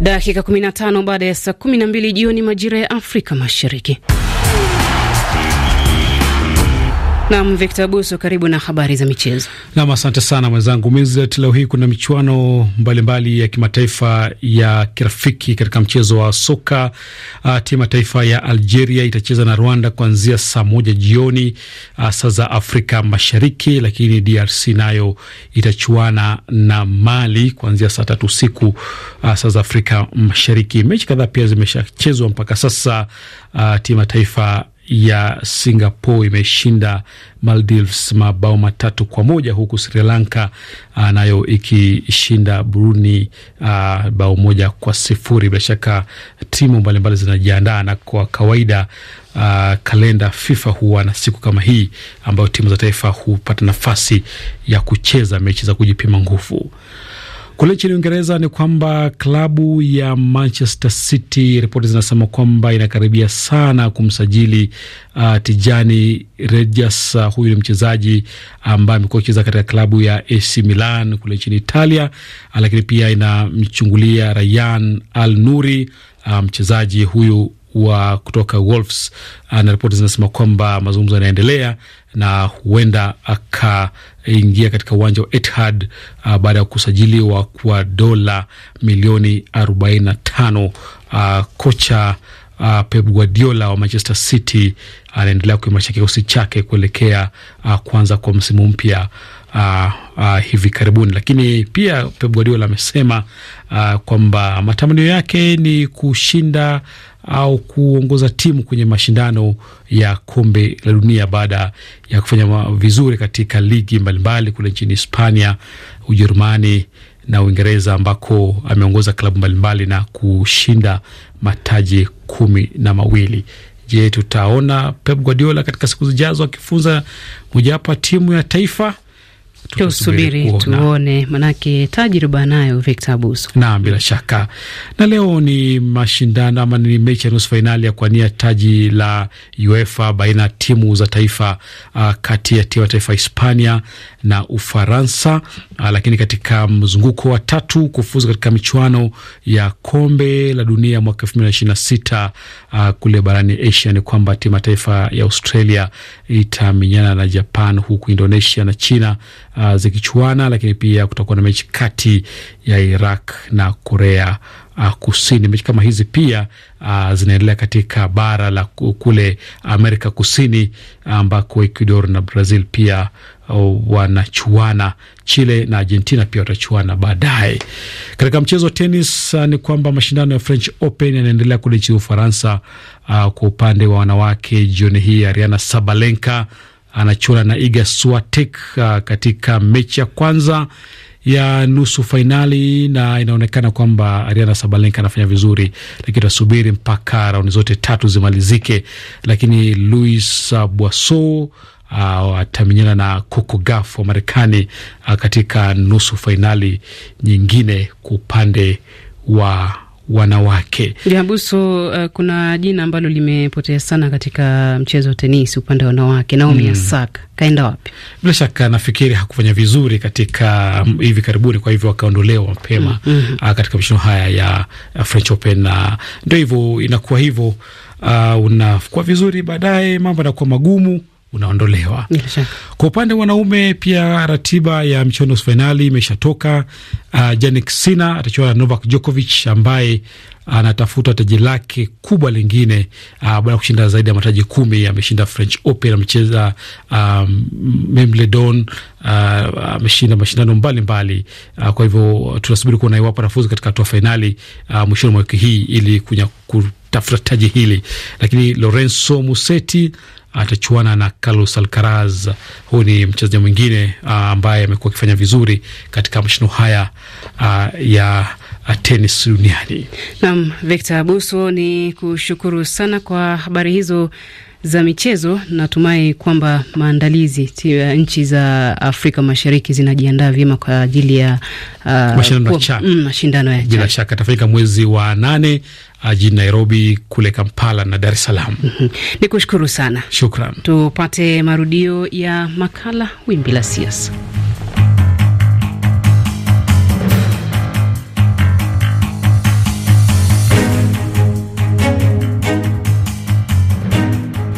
Dakika 15 baada ya saa 12 jioni majira ya Afrika Mashariki. Nam Victor Buso, karibu na habari za michezo. Nam, asante sana mwenzangu Mizet, Leo hii kuna michuano mbalimbali ya kimataifa ya kirafiki katika mchezo wa soka. Uh, timu ya taifa ya Algeria itacheza na Rwanda kuanzia saa moja jioni uh, saa za Afrika Mashariki, lakini DRC nayo itachuana na Mali kuanzia saa tatu usiku uh, saa za Afrika Mashariki. Mechi kadhaa pia zimeshachezwa mpaka sasa. Uh, timu ya taifa ya Singapore imeshinda Maldives mabao matatu kwa moja huku Sri Lanka uh, nayo ikishinda Burundi uh, bao moja kwa sifuri. Bila shaka timu mbalimbali zinajiandaa, na kwa kawaida uh, kalenda FIFA huwa na siku kama hii ambayo timu za taifa hupata nafasi ya kucheza mechi za kujipima nguvu. Kule nchini Uingereza ni kwamba klabu ya Manchester City, ripoti zinasema kwamba inakaribia sana kumsajili uh, Tijani Rejas. Uh, huyu ni mchezaji ambaye amekuwa akicheza katika klabu ya AC Milan kule nchini Italia, uh, lakini pia inamchungulia Rayan Al Nuri, uh, mchezaji huyu wa kutoka Wolves, uh, na ripoti zinasema kwamba mazungumzo yanaendelea na huenda akaingia katika uwanja wa Etihad uh, baada ya kusajiliwa kwa dola milioni 45. Uh, kocha uh, Pep Guardiola wa Manchester City anaendelea uh, kuimarisha kikosi chake kuelekea uh, kuanza kwa msimu mpya uh, uh, hivi karibuni. Lakini pia Pep Guardiola amesema uh, kwamba matamanio yake ni kushinda au kuongoza timu kwenye mashindano ya kombe la dunia baada ya kufanya vizuri katika ligi mbalimbali kule nchini Hispania, Ujerumani na Uingereza ambako ameongoza klabu mbalimbali na kushinda mataji kumi na mawili. Je, tutaona Pep Guardiola katika siku zijazo akifunza mojawapo timu ya taifa? tusubiri tuone, manake tajriba nayo Victor Abuso. Naam, bila shaka. Na leo ni mashindano ama ni mechi ya nusu fainali ya kuania taji la UEFA baina ya timu za taifa uh, kati ya timu ya taifa Hispania na Ufaransa. Ah, lakini katika mzunguko wa tatu kufuzu katika michuano ya kombe la dunia mwaka elfu mbili na ishirini na sita ah, kule barani Asia ni kwamba timu ya taifa ya Australia itamenyana na Japan, huku Indonesia na China ah, zikichuana, lakini pia kutakuwa na mechi kati ya Iraq na Korea uh, Kusini. Mechi kama hizi pia uh, zinaendelea katika bara la kule Amerika Kusini ambako Ecuador na Brazil pia uh, wanachuana. Chile na Argentina pia watachuana baadaye. Katika mchezo wa tenis, uh, ni kwamba mashindano ya French Open yanaendelea kule nchini Ufaransa. Uh, kwa upande wa wanawake, jioni hii Ariana Sabalenka anachuana na Iga Swiatek uh, katika mechi ya kwanza ya nusu fainali, na inaonekana kwamba Ariana Sabalenka anafanya vizuri, lakini tutasubiri mpaka raundi zote tatu zimalizike. Lakini louis Bwaso uh, atamenyana na Coco Gauff wa Marekani uh, katika nusu fainali nyingine kwa upande wa wanawake. Lihabuso, uh, eh, kuna jina ambalo limepotea sana katika mchezo wa tenisi upande wa wanawake, Naomi mm. kaenda wapi? Bila shaka nafikiri hakufanya vizuri katika mm. hivi karibuni, kwa hivyo akaondolewa mapema mm -hmm. hmm. Ah, katika mashindano haya ya French Open na ndio hivyo inakuwa hivyo. Uh, ah, unakuwa vizuri, baadaye mambo yanakuwa magumu unaondolewa. Kwa upande wa wanaume pia ratiba ya michuano nusu fainali imeshatoka. Uh, Jannik Sinner atachuana na Novak Djokovic ambaye anatafuta taji lake kubwa lingine uh, baada ya kushinda zaidi ya mataji kumi. Ameshinda French Open, amecheza um, Wimbledon, ameshinda uh, mashindano mbalimbali uh, kwa hivyo tunasubiri kuona iwapo atafuzu katika hatua fainali uh, mwishoni mwa wiki hii ili kunya, kutafuta taji hili, lakini Lorenzo Musetti atachuana na Carlos Alcaraz. Huyu ni mchezaji mwingine ah, ambaye amekuwa akifanya vizuri katika mashindano haya ah, ya ah, tenis duniani. Naam, Victor Buso, ni kushukuru sana kwa habari hizo za michezo. Natumai kwamba maandalizi ya nchi za Afrika Mashariki zinajiandaa vyema kwa ajili ya uh, mashindano ya mm, bila shaka tafanyika mwezi wa nane uh, jijini Nairobi, kule Kampala na Dar es Salaam. mm -hmm. Ni kushukuru sana, shukran. Tupate marudio ya makala Wimbi la Siasa.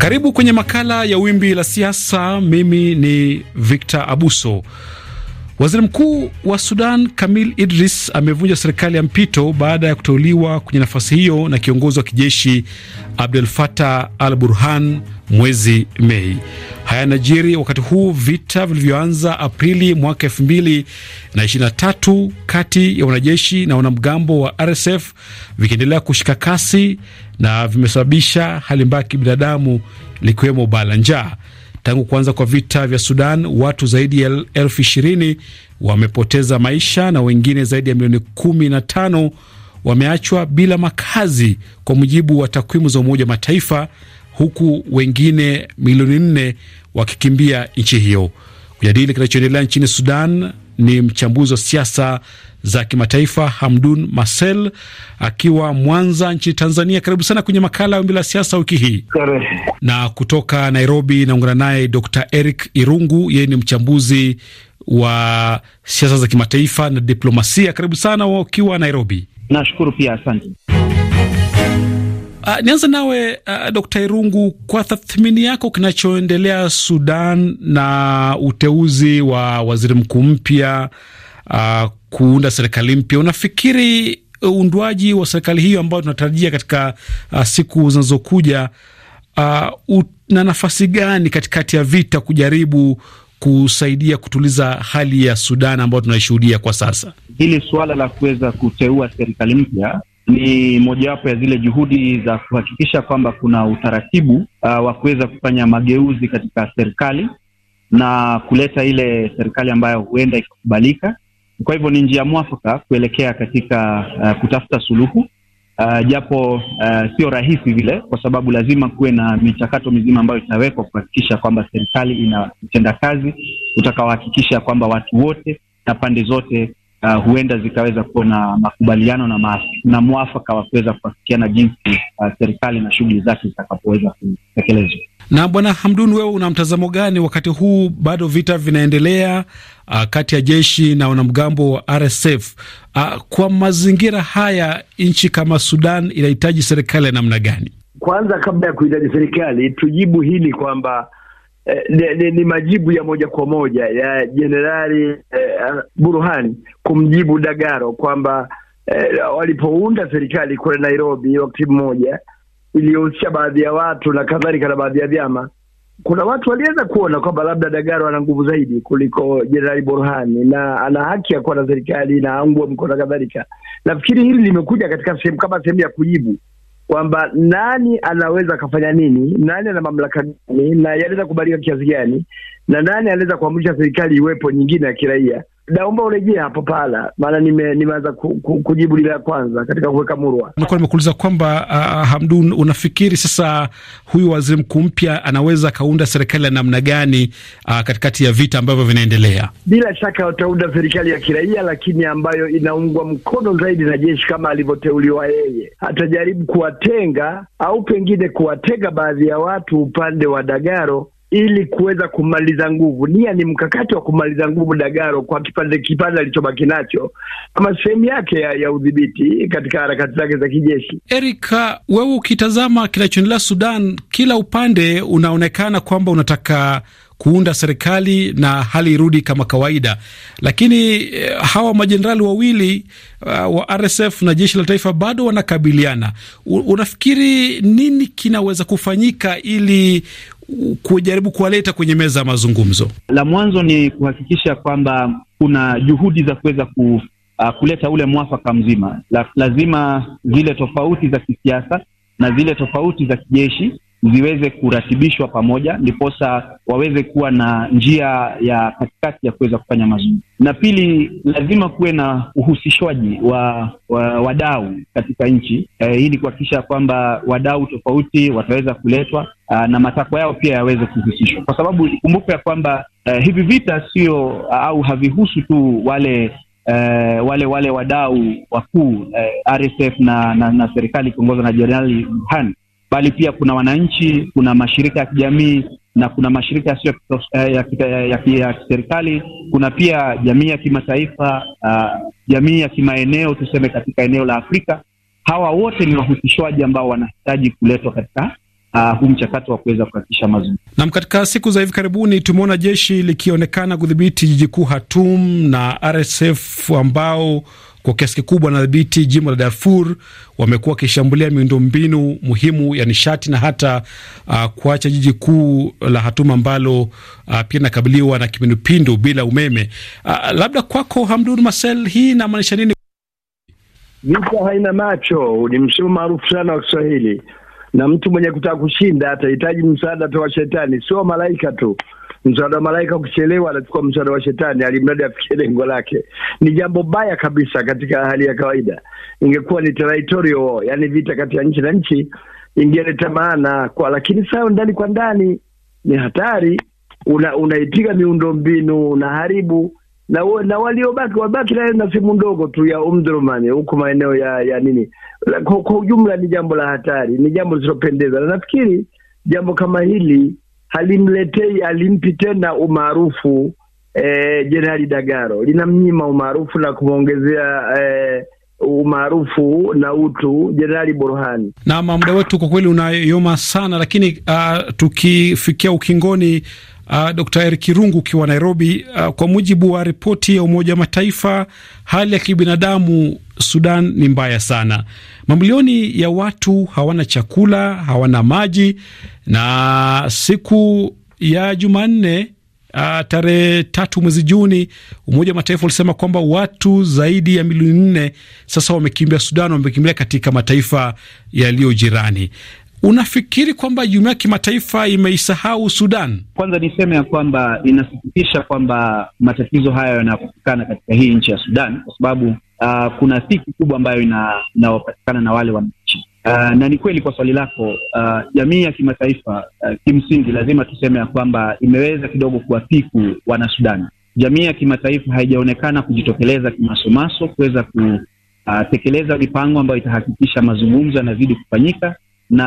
Karibu kwenye makala ya wimbi la siasa. Mimi ni Victor Abuso. Waziri Mkuu wa Sudan Kamil Idris amevunja serikali ya mpito baada ya kuteuliwa kwenye nafasi hiyo na kiongozi wa kijeshi Abdel Fattah al Burhan mwezi Mei. Haya najiri wakati huu vita vilivyoanza Aprili mwaka elfu mbili na ishirini na tatu kati ya wanajeshi na wanamgambo wa RSF vikiendelea kushika kasi na vimesababisha hali mbaya kibinadamu, likiwemo baa la njaa. Tangu kuanza kwa vita vya Sudan, watu zaidi ya elfu ishirini wamepoteza maisha na wengine zaidi ya milioni kumi na tano wameachwa bila makazi, kwa mujibu wa takwimu za Umoja wa Mataifa huku wengine milioni nne wakikimbia nchi hiyo. Kujadili kinachoendelea nchini Sudan ni mchambuzi wa siasa za kimataifa Hamdun Marcel akiwa Mwanza nchini Tanzania. Karibu sana kwenye makala ya Wimbi la Siasa wiki hii. Na kutoka Nairobi naungana naye Dr Eric Irungu, yeye ni mchambuzi wa siasa za kimataifa na diplomasia. Karibu sana wakiwa Nairobi. Nashukuru pia, asante. Uh, ah, nianza nawe uh, ah, Dr. Irungu, kwa tathmini yako kinachoendelea Sudan na uteuzi wa waziri mkuu mpya uh, kuunda serikali mpya, unafikiri uundwaji wa serikali hiyo ambayo tunatarajia katika uh, siku zinazokuja uh, nafasi gani katikati ya vita kujaribu kusaidia kutuliza hali ya Sudan ambayo tunaishuhudia kwa sasa? Hili suala la kuweza kuteua serikali mpya ni mojawapo ya zile juhudi za kuhakikisha kwamba kuna utaratibu uh, wa kuweza kufanya mageuzi katika serikali na kuleta ile serikali ambayo huenda ikakubalika. Kwa hivyo ni njia mwafaka kuelekea katika uh, kutafuta suluhu uh, japo uh, sio rahisi vile, kwa sababu lazima kuwe na michakato mizima ambayo itawekwa kuhakikisha kwamba serikali ina kazi utakaohakikisha kwamba watu wote na pande zote uh, huenda zikaweza kuwa na makubaliano na, na mwafaka wa kuweza kuafikiana jinsi uh, serikali na shughuli zake zitakapoweza kutekelezwa. Na Bwana Hamdun, wewe una mtazamo gani wakati huu bado vita vinaendelea uh, kati ya jeshi na wanamgambo wa RSF? Uh, kwa mazingira haya nchi kama Sudan inahitaji serikali ya namna gani? Kwanza, kabla ya kuhitaji serikali, tujibu hili kwamba eh, ni, ni, ni majibu ya moja kwa moja ya Jenerali eh, ah, Burhani kumjibu Dagaro kwamba eh, walipounda serikali kule Nairobi wakati mmoja iliyohusisha baadhi ya watu na kadhalika na baadhi ya vyama, kuna watu waliweza kuona kwamba labda Dagaro ana nguvu zaidi kuliko Jenerali Burhani na ana haki ya kuwa na serikali inaangwa mkono na kadhalika. Nafikiri hili limekuja katika sehemu kama sehemu ya kujibu kwamba nani anaweza akafanya nini, nani ana mamlaka gani, na yanaweza kubalika kiasi gani, na nani anaweza kuamrisha serikali iwepo nyingine ya kiraia naomba urejee hapo pahala, maana nimeanza kujibu lile la kwanza katika kuweka murwa. Nilikuwa nimekuuliza kwamba uh, Hamdun, unafikiri sasa huyu waziri mkuu mpya anaweza akaunda serikali ya namna gani uh, katikati ya vita ambavyo vinaendelea? Bila shaka wataunda serikali ya kiraia, lakini ambayo inaungwa mkono zaidi na jeshi kama alivyoteuliwa yeye. Atajaribu kuwatenga au pengine kuwatenga baadhi ya watu upande wa Dagaro ili kuweza kumaliza nguvu. Nia ni mkakati wa kumaliza nguvu dagaro kwa kipande kipande alichobaki nacho kama sehemu yake ya, ya udhibiti katika harakati zake za kijeshi. Erika, wewe ukitazama kinachoendelea Sudan, kila upande unaonekana kwamba unataka kuunda serikali na hali irudi kama kawaida, lakini eh, hawa majenerali wawili uh, wa RSF na jeshi la taifa bado wanakabiliana. U, unafikiri nini kinaweza kufanyika ili kujaribu kuwaleta kwenye meza ya mazungumzo? La mwanzo ni kuhakikisha kwamba kuna juhudi za kuweza ku, uh, kuleta ule mwafaka mzima. La, lazima zile tofauti za kisiasa na zile tofauti za kijeshi ziweze kuratibishwa pamoja, ndiposa waweze kuwa na njia ya katikati ya kuweza kufanya mazungumzo. Na pili, lazima kuwe na uhusishwaji wa, wa wadau katika nchi eh, ili kuhakikisha kwamba wadau tofauti wataweza kuletwa Uh, na matakwa yao pia yaweze kuhusishwa, kwa sababu kumbuka ya kwamba uh, hivi vita sio uh, au havihusu tu wale uh, wale wale wadau wakuu uh, eh, RSF na na, na serikali ikiongozwa na Jenerali Burhan, bali pia kuna wananchi, kuna mashirika ya kijamii na kuna mashirika yasiyo ya eh, eh, kiserikali, kuna pia jamii ya kimataifa, uh, jamii ya kimaeneo, tuseme katika eneo la Afrika. Hawa wote ni wahusishwaji ambao wanahitaji kuletwa katika Uh, huu mchakato wa kuweza kuhakikisha mazungumzo. Naam, katika siku za hivi karibuni tumeona jeshi likionekana kudhibiti jiji kuu Khartoum na RSF ambao kwa kiasi kikubwa wanadhibiti jimbo la Darfur. Wamekuwa wakishambulia miundombinu muhimu ya nishati na hata uh, kuacha jiji kuu la Hatuma ambalo uh, pia inakabiliwa na kipindupindu bila umeme. Uh, labda kwako Hamdun Masel, hii inamaanisha nini? Vita haina macho ni msemo maarufu sana wa Kiswahili, na mtu mwenye kutaka kushinda atahitaji msaada tu wa shetani, sio malaika tu msaada wa malaika ukichelewa, anachukua msaada wa shetani, alimradi afikie lengo lake. Ni jambo baya kabisa katika hali ya kawaida. Ingekuwa ni territorial, yani vita kati ya nchi na nchi, ingeleta maana kwa, lakini sasa ndani kwa ndani ni hatari. Una, unaipiga miundo mbinu, unaharibu na, na waliobaki wabaki nayo na simu ndogo tu ya Omdurman huku maeneo ya ya nini. Kwa ujumla ni jambo la hatari, ni jambo lisilopendeza, na nafikiri jambo kama hili halimletei alimpi tena umaarufu Jenerali eh, Dagaro, linamnyima umaarufu na kumwongezea eh, umaarufu na utu Jenerali Burhani. Naam, muda wetu kwa kweli unayoma sana, lakini uh, tukifikia ukingoni Uh, ah, Dr. Eric Kirungu ukiwa Nairobi. Uh, kwa mujibu wa ripoti ya Umoja wa Mataifa, hali ya kibinadamu Sudan ni mbaya sana. Mamilioni ya watu hawana chakula, hawana maji na siku ya Jumanne Uh, tarehe tatu mwezi Juni, Umoja wa Mataifa ulisema kwamba watu zaidi ya milioni nne sasa wamekimbia Sudan, wamekimbia katika mataifa yaliyo jirani. Unafikiri kwamba jumuiya ya kimataifa imeisahau Sudan? Kwanza niseme ya kwamba inasikitisha kwamba matatizo hayo yanayopatikana katika hii nchi ya Sudan, kwa sababu uh, kuna dhiki kubwa ambayo inayopatikana na wale wananchi uh, na ni kweli kwa swali lako, uh, jamii uh, ya kimataifa uh, kimsingi lazima tuseme ya kwamba imeweza kidogo kuwapiku wana Sudan. Jamii ya kimataifa haijaonekana kujitokeleza kimasomaso kuweza kutekeleza uh, mipango ambayo itahakikisha mazungumzo yanazidi kufanyika na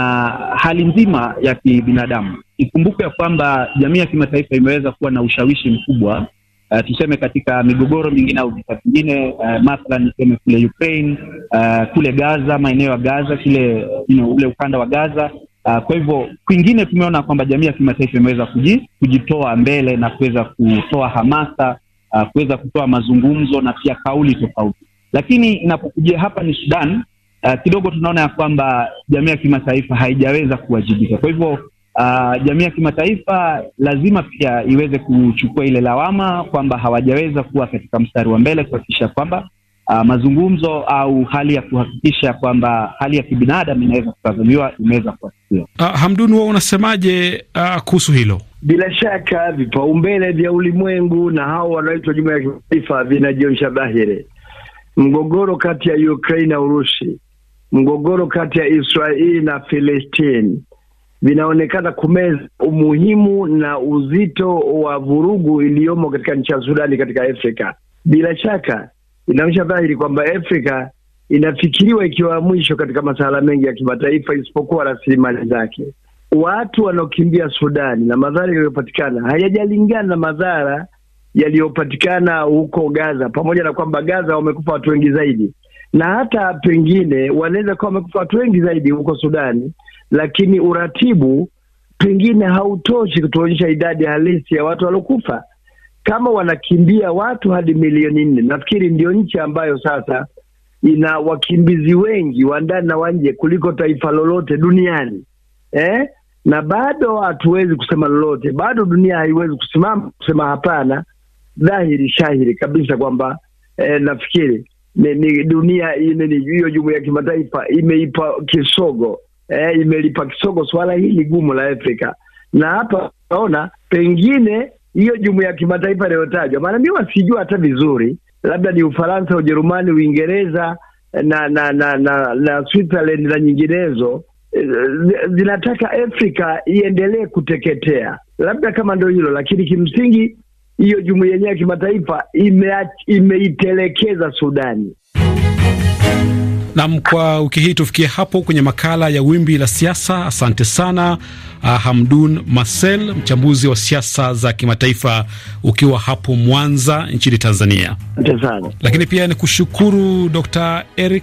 hali nzima ya kibinadamu. Ikumbuke ya kwamba jamii ya kimataifa imeweza kuwa na ushawishi mkubwa Uh, tuseme katika migogoro mingine au vita vingine uh, mathalan niseme kule Ukraine uh, kule Gaza, maeneo ya Gaza kile you know, ule ukanda wa Gaza uh, kwa hivyo kwingine tumeona kwamba jamii ya kimataifa imeweza kuji, kujitoa mbele na kuweza kutoa hamasa uh, kuweza kutoa mazungumzo na pia kauli tofauti, lakini inapokujia hapa ni Sudan uh, kidogo tunaona ya kwamba jamii ya kimataifa haijaweza kuwajibika. Kwa hivyo uh, jamii ya kimataifa lazima pia iweze kuchukua ile lawama kwamba hawajaweza kuwa katika mstari wa mbele kuhakikisha kwamba uh, mazungumzo au hali ya kuhakikisha kwamba hali ya kibinadamu inaweza kutazamiwa imeweza kuafikiwa. Uh, Hamdun, wewe unasemaje uh, kuhusu hilo? Bila shaka vipaumbele vya ulimwengu na hao wanaoitwa jumuiya ya kimataifa vinajionyesha dhahiri. Mgogoro kati ya Ukraine na Urusi mgogoro kati ya Israeli na Filistini vinaonekana kumeza umuhimu na uzito wa vurugu iliyomo katika nchi ya Sudani katika Afrika. Bila shaka inaonyesha dhahiri kwamba Afrika inafikiriwa ikiwa mwisho katika masuala mengi ya kimataifa isipokuwa rasilimali zake. Watu wanaokimbia Sudani na madhara yaliyopatikana hayajalingana na madhara yaliyopatikana huko Gaza, pamoja na kwamba Gaza wamekufa watu wengi zaidi, na hata pengine wanaweza kuwa wamekufa watu wengi zaidi huko Sudani, lakini uratibu pengine hautoshi kutuonyesha idadi halisi ya watu waliokufa. Kama wanakimbia watu hadi milioni nne, nafikiri ndio nchi ambayo sasa ina wakimbizi wengi wa ndani na wanje kuliko taifa lolote duniani eh? Na bado hatuwezi kusema lolote, bado dunia haiwezi kusimama kusema hapana, dhahiri shahiri kabisa kwamba eh, nafikiri ni, ni dunia hiyo jumuiya ya kimataifa imeipa kisogo eh, imelipa kisogo swala hili gumu la Afrika, na hapa naona pengine hiyo jumuiya ya kimataifa inayotajwa, maana mimi wasijua hata vizuri, labda ni Ufaransa, Ujerumani, Uingereza eh, na na na na, na Switzerland na nyinginezo eh, zinataka Afrika iendelee kuteketea, labda kama ndio hilo, lakini kimsingi hiyo jumuiya yenyewe ya kimataifa imeitelekeza ime Sudani. Nam, kwa wiki hii tufikie hapo kwenye makala ya wimbi la siasa. Asante sana ah, Hamdun Marcel, mchambuzi wa siasa za kimataifa, ukiwa hapo Mwanza nchini Tanzania. Asante sana lakini pia ni kushukuru Dr Eric